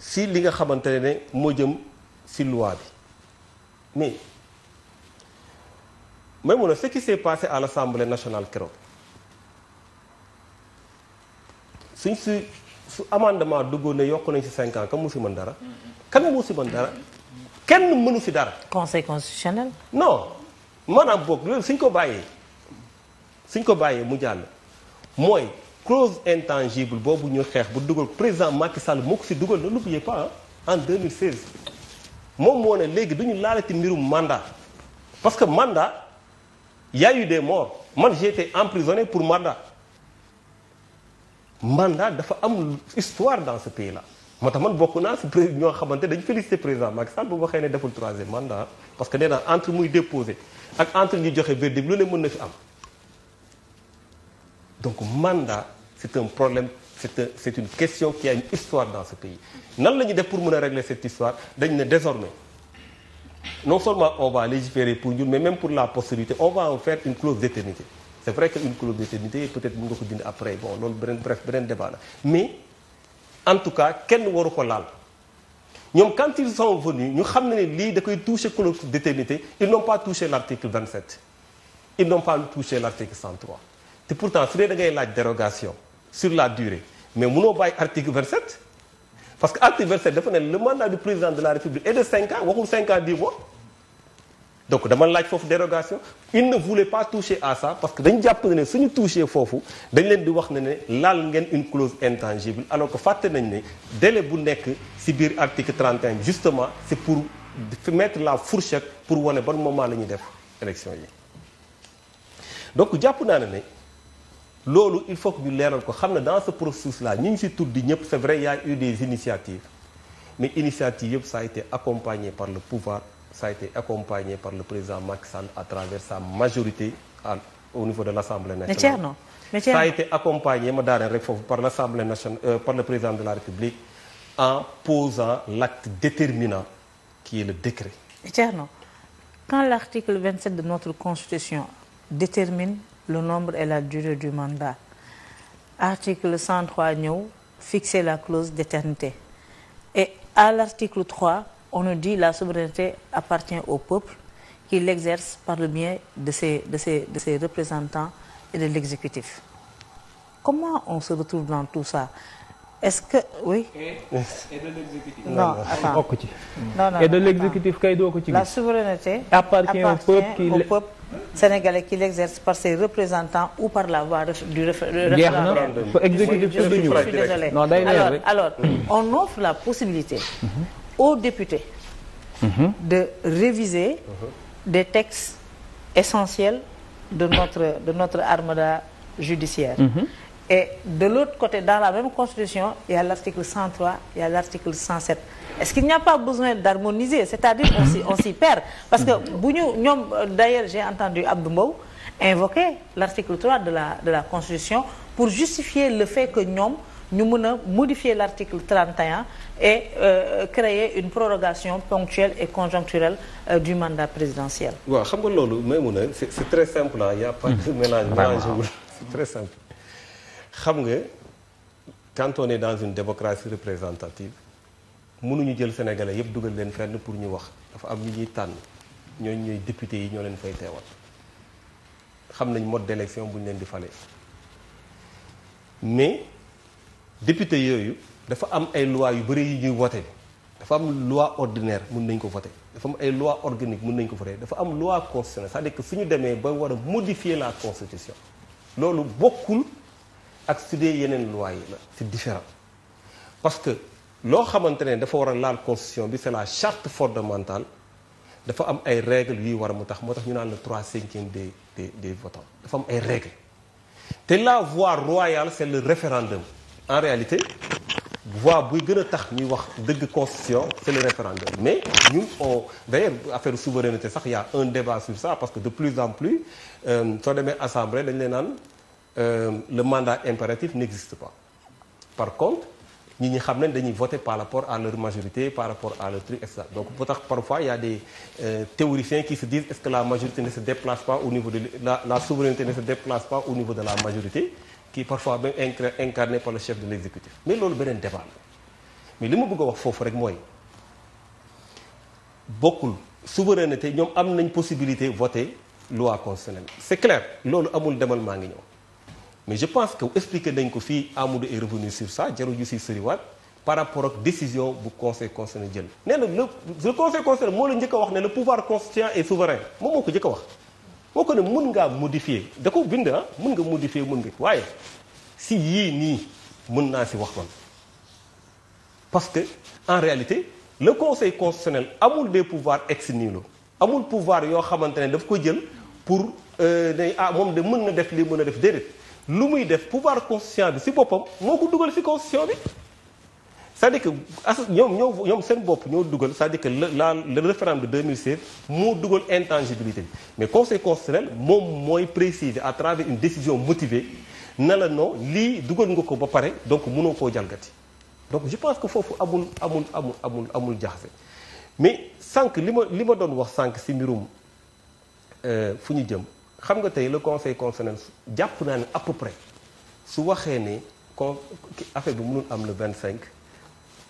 si li nga xamante ne moo jëm si loi bi mais may mun a ce qui s'est passé à l'Assemblée nationale keroog suñ si su amendement duggoon ne yokk nañ si cinq ans kam mu si mën dara kan mu si mën dara kenn mënu si dara conseil constitutionnel non maanaam boog loolu suñ ko bàyyee suñ ko bàyyee mu jàll mooy clause intangible boobu ñu xeex bu dugal président Macky Sall moo ko si dugal ne l'oubliez pas en 2016 moom moo ne léegi du ñu laalati mbirum mandat parce que mandat y a eu des morts man j'étais emprisonné pour mandat mandat dafa am histoire dans ce pays là moo man bokk naa si pré ñoo xamante dañu félicité président Macky Sall bu waxee ne deful troisième mandat parce que nee naa entre muy déposé ak entre ñu joxe verdict lu ne mën na fi am donc mandat c'est un problème c'est un, une question qui a une histoire dans ce pays nan la ñuy def pour mën a régler cette histoire dañ ne désormais non seulement on va légiférer pour ñun mais même pour la postérité on va en faire une clause d'éternité c'est vrai que une clause d'éternité peut-être mën nga ko bind après bon loolu beneen bref beneen débat la mais en tout cas kenn waru ko laal ñoom quand ils sont venus ñu xam ne ne lii da koy toucher clause d'éternité ils n'ont pas touché l'article 27 ils n'ont pas touché l'article 103 te pourtant su dee da laaj dérogation sur la durée mais munoo bàyyi article 27 parce que article 27 dafa ne le mandat du président de la république est de 5 ans waxul 5 ans 10 mois donc dama laaj foofu dérogation il ne voulait pas toucher à ça parce que dañ jàpp ne suñu toucher foofu dañ leen di wax ne ne laal ngeen une clause intangible alors ko fàtte nañ ne délai bu nekk ci biir article 31 justement c'est pour mettre la fourchette pour wane ban moment la ñuy def élection yi donc jàpp naa ne ne loolu il faut que ñu xam ne dans ce processus là ñu ngi si tuddi ñëpp c'est vrai il y mais initiative yëpp ça a par le pouvoir ça a par le président Macky Sall à travers majorité au niveau de l'Assemblée nationale mais ça a été accompagné ma daaneel rek foofu par l'Assemblée nationale euh, le président de la République en posant l'acte le décret. Thierno, quand l'article 27 de le nombre et la durée du mandat article 103 ñëw fixer la clause d'éternité et à l'article 3 on nous dit la souveraineté appartient au peuple qui l'exerce par le biais de ses de ses de ses représentants et de l'exécutif comment on se retrouve dans tout ça est-ce que oui. non attends non non et de la souveraineté appartient au peuple sénégalais qui l'exerce par ses représentants ou par la voie du référendum. jeex na exécutif ñu mm-hmm. la possibilité. Mm-hmm. aux députés. Mm-hmm. de réviser. des textes essentiels de notre de notre armada judiciaire. Et de l'autre côté, dans la même constitution, il y a l'article 103, il y a l'article 107. Est-ce qu'il n'y a pas besoin d'harmoniser C'est-à-dire on s'y perd. Parce que, d'ailleurs, j'ai entendu Abdoumou invoquer l'article 3 de la, de la Constitution pour justifier le fait que nous, nous modifier l'article 31 et euh, créer une prorogation ponctuelle et conjoncturelle euh, du mandat présidentiel. Oui, c'est très simple. Il n'y a pas de mmh. mélange. C'est très simple. xam nga quand dans une démocratie représentative mënuñu jël sénégalais yëpp dugal leen fenn pour ñu wax dafa am ñu ñuy tànn ñooñu ñooy député yi ñoo leen fay teewal xam nañ mode d'élection bu ñu leen di fale mais député yooyu dafa am ay loi yu bëri yu ñuy voté dafa am loi ordinaire mun nañ ko voté dafa am ay loi organique mun nañ ko voté dafa am loi constitutionnelle cest à suñu demee ba war a modifier la constitution loolu bokkul ak su dee yeneen loi yi la c'est différent parce que loo xamante ne dafa war a laal constitution bi c'est la charte fondamentale dafa am ay règles yuy war a mu tax moo tax ñu naan le trois cinquième des des des votants dafa am ay règles te la voie royale c'est le référendum en réalité voie buy gën a tax ñuy wax dëgg constitution c'est le référendum mais ñun on d'ailleurs affaire souveraineté sax y un débat sur ça parce que de plus en plus euh, soo demee assemblée dañ leen naan euh, le mandat impératif n'existe pas par contre ñi ñi xam ne dañuy voter par rapport à leur majorité par rapport à leur truc et cetera donc boo tax parfois il y a des euh, qui se disent est-ce que la majorité ne se déplace pas au niveau de la la souveraineté ne se déplace pas au niveau de la majorité qui parfois même incarné par le chef de l'exécutif mais loolu beneen débat mais li ma bëgg a wax foofu rek mooy bokkul souveraineté ñoom am nañ possibilité voter loi constitutionnelle c'est loolu amul demal ngi ñëw mais je pense que expliqué nañ ko fii amul est revenu sur ça jarul ñu siy sëriwaat par rapport ak décision bu conseil constitutionnel jël nee na le le conseil constitutionnel moo la njëkk a ne le pouvoir constituant moo ko njëkk a wax ko ne mun ngaa modifier da ko bind ah mun nga modifier mun nga waaye si yii nii mun naa si wax man parce que en réalité le conseil constitutionnel amul des pouvoirs ex amul pouvoir yoo xamante ne daf ko jël pour euh, ne ah moom de mën na def lii mën na def déedéet lu muy def pouvoir constitution bi si boppam moo ko dugal si constitution bi c'est-à-dire que as ñoom ñoo ñoom seen bopp ñoo dugal c'est-à-dire que la le référendum de 2016 moo dugal intangibilité bi mais conseil constitutionnel moom mooy préciser à travers une décision motivée na la no lii dugal nga ko ba pare donc mënoo koo jalgati donc je pense que foofu amul amul amul amul amul jaxase mais sànq li ma li ma doon wax sànq si mbirum euh, fu ñu jëm xam nga tey le conseil constitutionnel jàpp naa ne à peu près su waxee ne con affaire bi mënul am le cinq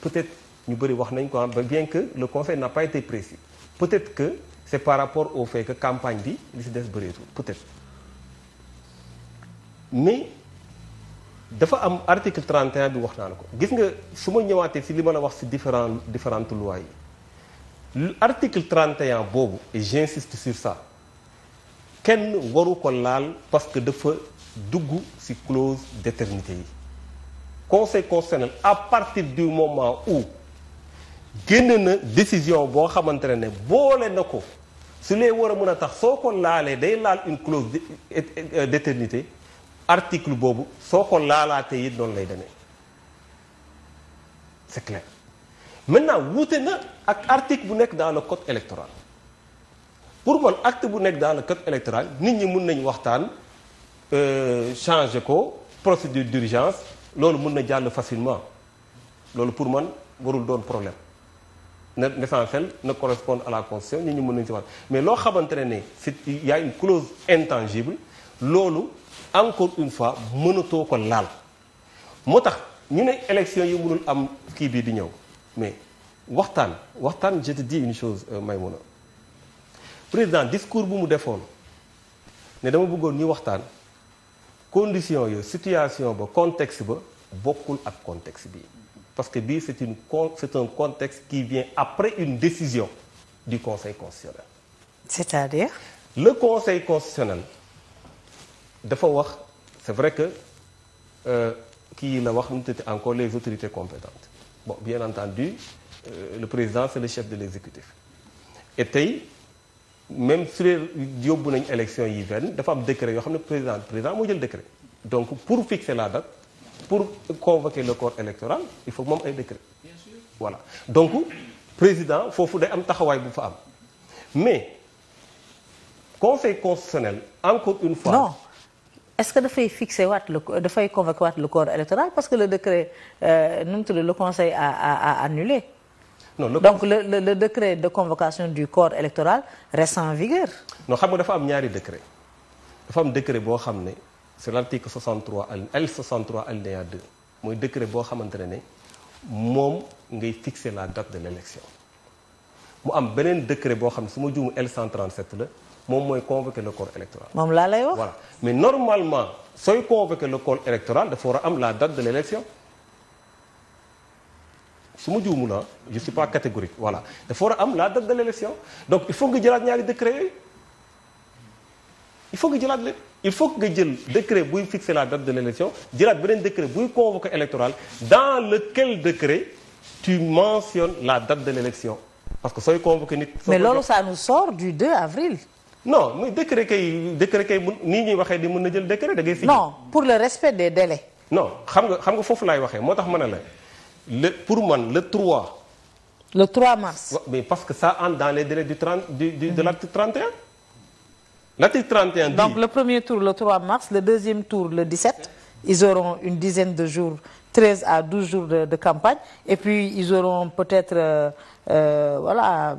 peut-être ñu bëri wax nañ ko am ah, bien que le conseil n'a pas été précis peut-être que c'est par rapport au fait que campagne bi li si des bëreetul peut-être mais dafa am article 31 bi wax naa la ko gis nga su ma ñëwaatee si li ma la wax si différent différentes lois yi article boobu et j'insiste sur ça kenn waru ko laal parce que dafa dugg ci clause d'éternité yi conseil constitutionnel à partir du moment où génn na décision boo xamante ne boole na ko su lee war a mën a tax soo ko laalee day laal une clause euh, d'éternité article boobu soo ko laalaatee it doon lay demee c'est clair maintenant wuute na ak article bu nekk dans le code électoral pour man acte bu nekk dans le code nit ñi mun nañu waxtaan euh, changer ko procédure d'urgence loolu mun na jàll facilement loolu pour man warul doon problème na l'essentiel na correspondre à la constitution nit ñi mun nañ si wax mais loo xamante ne ne c'est il y a une clause loolu encore une fois mënatoo ko laal moo tax ñu ne élection yi mënul am kii bii di ñëw mais waxtaan waxtaan je te dis une chose euh, Maïmouna président discours bu mu defoon ne dama bëggoon ñu waxtaan condition yooyu situation ba contexte ba bokkul ak contexte bi parce que bii c'est une con c'est un contexte qui vient après une décision du conseil constitutionnel. c'est-à-dire. le conseil constitutionnel dafa wax c'est vrai que euh, kii la wax nu mu encore les autorités compétentes bon bien entendu euh, le président c'est le chef de l'exécutif et tey. même su dee yóbbu nañ élection yi benn dafa am décret yoo xam ne président président moo jël décret donc pour fixer laa date pour convoquer le corps électoral il faut moom ay décret bien voilà donc président foofu day am taxawaay bu fa am mais conseil constitutionnel encore une fois. non est-ce que dafay fixer waat le dafay convoquer waat le corps électoral parce que le décret euh, nu mu le conseil a a a annulé. non le... donc le, le le décret de convocation du corps électoral reste en vigueur. non xam nga dafa am ñaari décret dafa am décret boo xam ne c'est l'article 63 L 63 alinéa 2 mooy décret boo xamante ne ne moom ngay fixer la date de l'élection mu am beneen décret boo xam ne su ma juumu L la. moom mooy convoquer le corps électoral. moom laa lay wax. voilà mais normalement sooy convoquer le corps électoral dafa war a am la date de l'élection su ma juumu naa ah, je suis pas catégorique voilà dafa war am la date de l'élection donc il faut nga jëlaat ñaari décret yooyu il faut nga jëlaat leen il faut nga jël décret buy fixer la date de l'élection jëlaat beneen décret buy convoqué électoral dans lequel décret tu mentionnes la date de l'élection parce que sooy convoqué nit. mais loolu ça nous sort du 2 avril. non muy décret kay décret kay nii ñuy waxee di mën na jël décret da ngay. non pour le respect des délais. non xam nga xam nga foofu laay waxee moo tax ma ne la. le pour man le 3. le 3 mars. Ouais, mais ça entre dans les délais du 30 du, du mm -hmm. de l'article le premier tour le 3 mars le deuxième tour le 17. ils une dizaine de jours 13 à 12 jours de, de campagne et puis ils auront peut-être euh, euh, voilà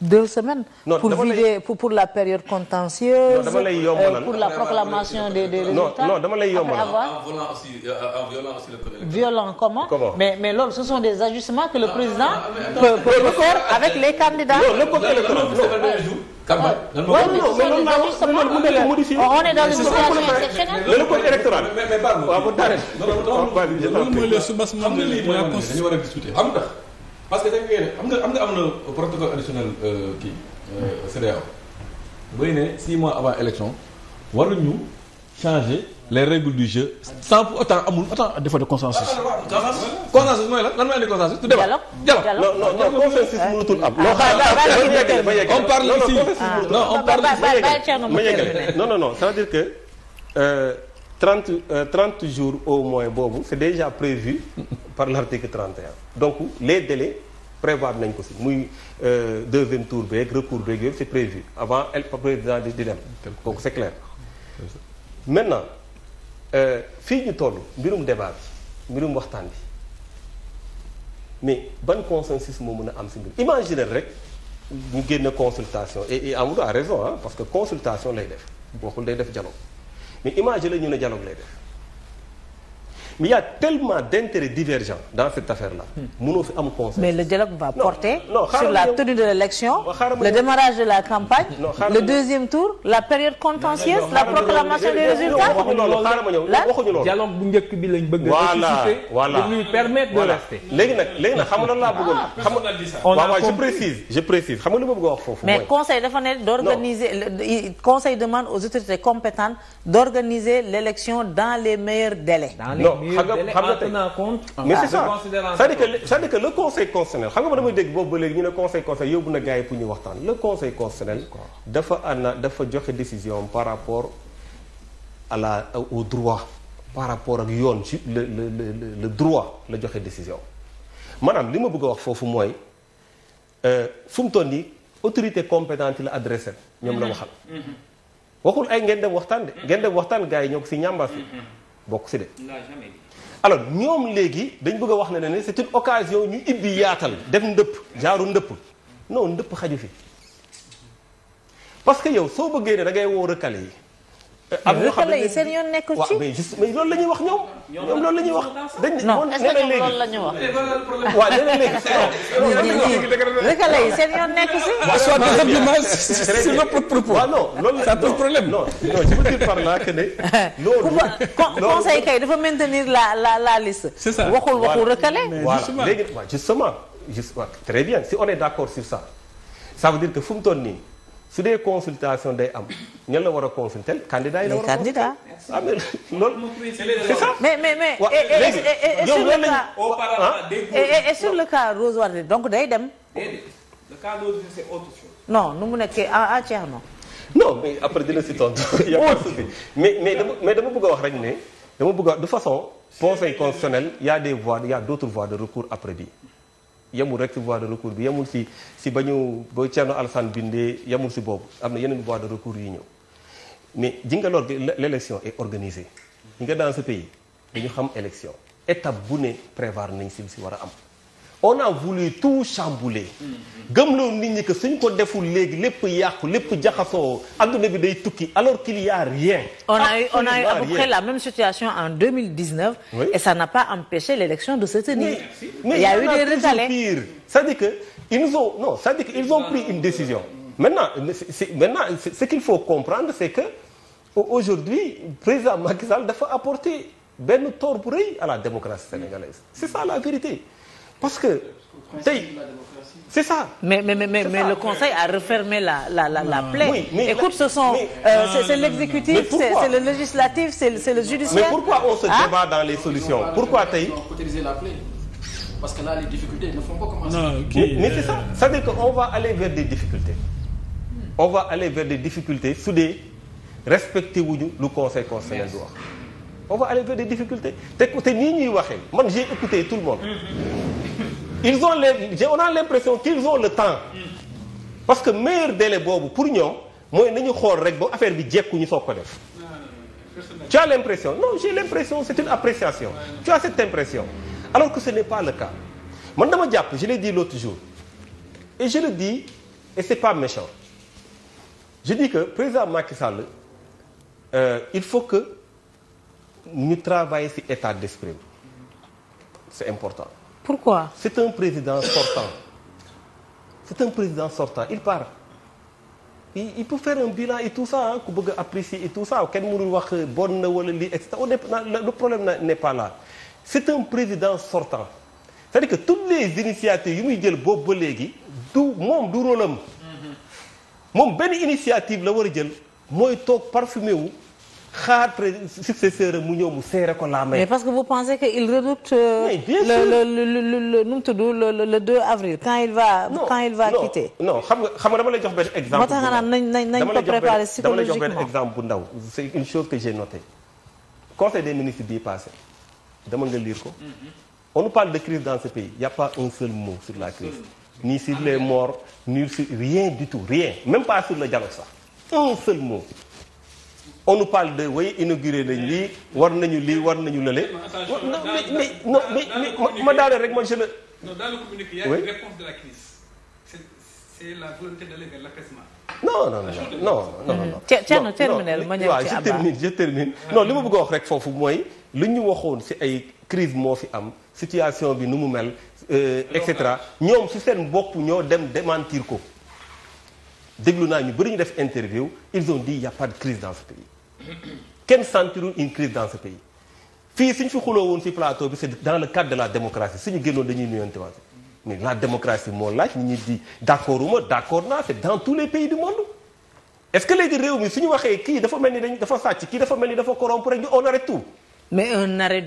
deux semaines non, pour vider pour, pour la période contentieuse non, euh, pour la proclamation des, des résultats non dama lay yombal en violant aussi le code électoral violent comment, comment? mais mais loolu ce sont des ajustements que le ah, président ah, peut, peut, peut faire avec les candidats non, le code électoral kan ba lan moo on mooy le dañu war a discuter xam nga parce que dañu koy xam nga am nga am na protocole additionnel euh, kii euh, CEDEAO. bay ne 6 mois avant élection waruñu changer. les règles du jeu sans pour autant amul autant défaut de consensus. consensus mooy lan lan mooy indi consensus. tu débat dialogue non non consensus mënatul am. Ah, on parle non non non non c'est-à-dire que euh, 30 euh, jours au moins boobu c'est déjà prévu par l'article 31 donc les délais prévoir nañ ko si muy euh, deuxième tour beeg recours beeg yooyu c'est prévu avant el président di di dem donc c'est clair maintenant. Euh, fii ñu toll mbirum débat bi mbirum waxtaan bi mais ban consensus moo mën a am si mbir imaginer rek ñu génne consultation et Amadou a raison parce que consultation lay def waxul day def dialogue mais image la ñu ne dialogue lay def mais il y a tellement d'intérêts divergents dans cette affaire-là. Hmm. mënoo fi am consensus. le dialogue va porter. sur la tenue de l'élection le démarrage de la campagne. Non, le deuxième tour la période contentieuse. la proclamation des résultats. waxuñu loolu dialogue bu bi lañ bëgg. voilà voilà pour lui permettre de rester. léegi nag léegi nag xam nga lan laa bëggoon. Ah, xam nga waaw je précise je précise xam nga li ma bëgg a wax foofu. mais conseil dafa ne d'organiser l'élection dans les meilleurs délais. xam nga xam nga tey ah. mais c'est ça c'est-à-dire que c'est-à-dire que le conseil constitutionnel xam nga ma damay dégg boobu ba léegi ñu ne conseil constitutionnel yóbbu na gars yi waxtaan le conseil constitutionnel dafa ana dafa joxe décision par rapport à la au droit par rapport ak yoon si le le le droit la joxe décision maanaam li ma bëgg a wax foofu mooy euh, fu mu toll nii autorité compétente la adressé ñoom la mm-hmm. waxal mm-hmm. waxul ay ngeen dem waxtaan de ngeen dem waxtaan gaay yi ñoo ko si ñàmbaas mm-hmm. bokk si de. alors ñoom léegi dañ bëgg wax wax ne ne c'est une occasion ñu ibbi yaatal def ndëpp jaaru ndëpp non ndëpp xaju fi parce que yow soo bëggee ne da ngay woo recalé yi. am na ñoo xam seen yoon nekkul ci mais juste mais loolu la ñuy wax ñoom. ñoom loolu la ñuy wax. dañ non est-ce la ñu wax. Eh, waaw nee na léegi rëkkale yi seen yoon nekk si. waaw soit simplement c'est notre propos. waaw non loolu kay dafa maintenir la la la liste. c'est ça waxul waxul rëkkale. voilà léegi waaw justement. juste très bien si on est d'accord sur ça ça veut dire que fu mu toll nii. su dee consultation day am ñan la war a consulter candidat yi la war ah, mais mais mais sur le cas et sur donc day dem. le cas Rose non nu mu nekkee ah ah Thierno. non après après dina si tontu. mais mais dama mais dama bëgg wax rek ne. dama bëgg a de façon conseil constitutionnel y a des voies a d'autres voies de recours après bi. yemul rek si voie de recours bi yemul si si ba ñu ba Thierno Alassane bindee yemul si boobu am na yeneen voie de recours yu ñëw mais ji nga lor l'élection est organisée ñi nga dans ce pays dañu xam élection étape bu ne prévoir nañ si si war a am on a voulu tout chambouler. gëmloo nit ñi que suñ ko deful léegi lépp yàqu lépp jaxasoo adduna bi day tukki alors qu'il y a rien. on a eu on a eu à peu près la même situation en 2019. Oui. et ça n'a pas empêché l'élection de se tenir. Oui. mais il y a eu des régalés pire c'est-à-dire que ils ont non c'est-à-dire que ils ont pris une décision. maintenant c'est maintenant ce qu'il faut comprendre c'est que aujourd'hui président Macky Sall dafa apporter benn tort bu rëy à la démocratie sénégalaise c'est ça la vérité. parce que tey c'est ça. mais mais mais, mais, mais le conseil a refermé la la la la plaie. oui mais écoute ce sont euh, c'est c'est l'exécutif c'est c'est le législatif c'est c'est le judiciaire. mais pourquoi on se débat dans les solutions pourquoi tey. parce que là les difficultés ne font pas commencer. non okay. mais, mais c'est euh, ça c'est-à-dire que on va aller vers des difficultés. on va aller vers des difficultés su dee respecté wuñu lu conseil conseil du wax. on va aller vers des difficultés te te nii ñuy waxee man j'ai écouté tout le monde mm-hmm. ils ont les on a l'impression qu'ils ont le temps mm. parce que meilleur délai boobu pour ñoom mooy nañu xool rek ba affaire bi jekku ñu soog ko def mm-hmm. tu as l'impression non j'ai l'impression c'est une appréciation tu as cette impression alors que ce n'est pas le cas man dama jàpp je l'ai dit l'autre jour et je le dis et c'est pas méchant je dis que président Macky Sall euh, il faut que ñu travailler ci état d'esprit bi c'est important. pour quoi c'est un président sortant c'est un président sortant il part il, il peut faire un bilan et tout ça ku bëgg a apprécier et tout ça kenn mënul wax euh, bon na wala lii et cetera le problème n'est pas là c'est un président sortant cest que toutes les initiatives yu muy jël boobu ba léegi du moom du rôle am mm-hmm. moom benn initiative la war a jël mooy toog parfumé wu. xaar successeur mu ñëw mu seere ko la may. parce que vous pensez que il redoute. Euh, oui, le avril. quand il va non, non, quitter. xam nga xam nga dama lay jox benn exemple. moo tax nga naan nañ nañ nañ ko préparer psychologiquement dama lay jox bu ndaw. c' une chose que j'ai noté conseil des ministres bii passé dama nga lire ko. on nous de crise dans ce pays y' a pas un seul mot sur la crise ni sur les morts ni sur rien du tout rien même pas sur le dialogue sax un seul mot. on nous parle de way inauguré nañ lii war nañu lii war nañu lële. ma daaneel rek ma je le. a la crise. c'est c'est la volonté d'aller vers l'apaisement. non non non non ma ñëw ci Abba waaw li ma bëgg wax rek foofu mooy lu ñu waxoon ci ay crise moo fi am situation bi nu mu mel. Euh, et cetera ñoom si seen bopp ñoo dem démentir ko déglu naa ñu bari ñu def interview ils ont di il crise dans ce pays. kenn sentirul une crise dans ce pays fii suñ fi xuloo woon si plateau bi c'est dans le cadre de la mais la démocratie moo laaj ñu ñuy di d'accord uma d'accord naa c'est dans tous les pays du monde est-ce que léegi réew mi suñu waxee kii dafa mel ni dañ dafa sàcc kii dafa mel ni dafa corrompre rek ñu on arrête tout mais un arrêt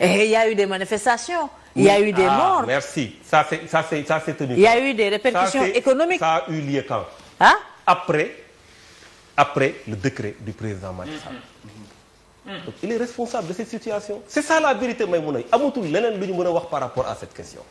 euh, il y a eu des manifestations il y a eu des ah, morts il y a eu des répercussions économiques ah après après le décret du président Macky Sall. Mm-hmm. Mm-hmm. donc il est responsable de cette situation. c'est ça la vérité Maïmouna amatul leneen lu ñu mën a wax par rapport à cette question.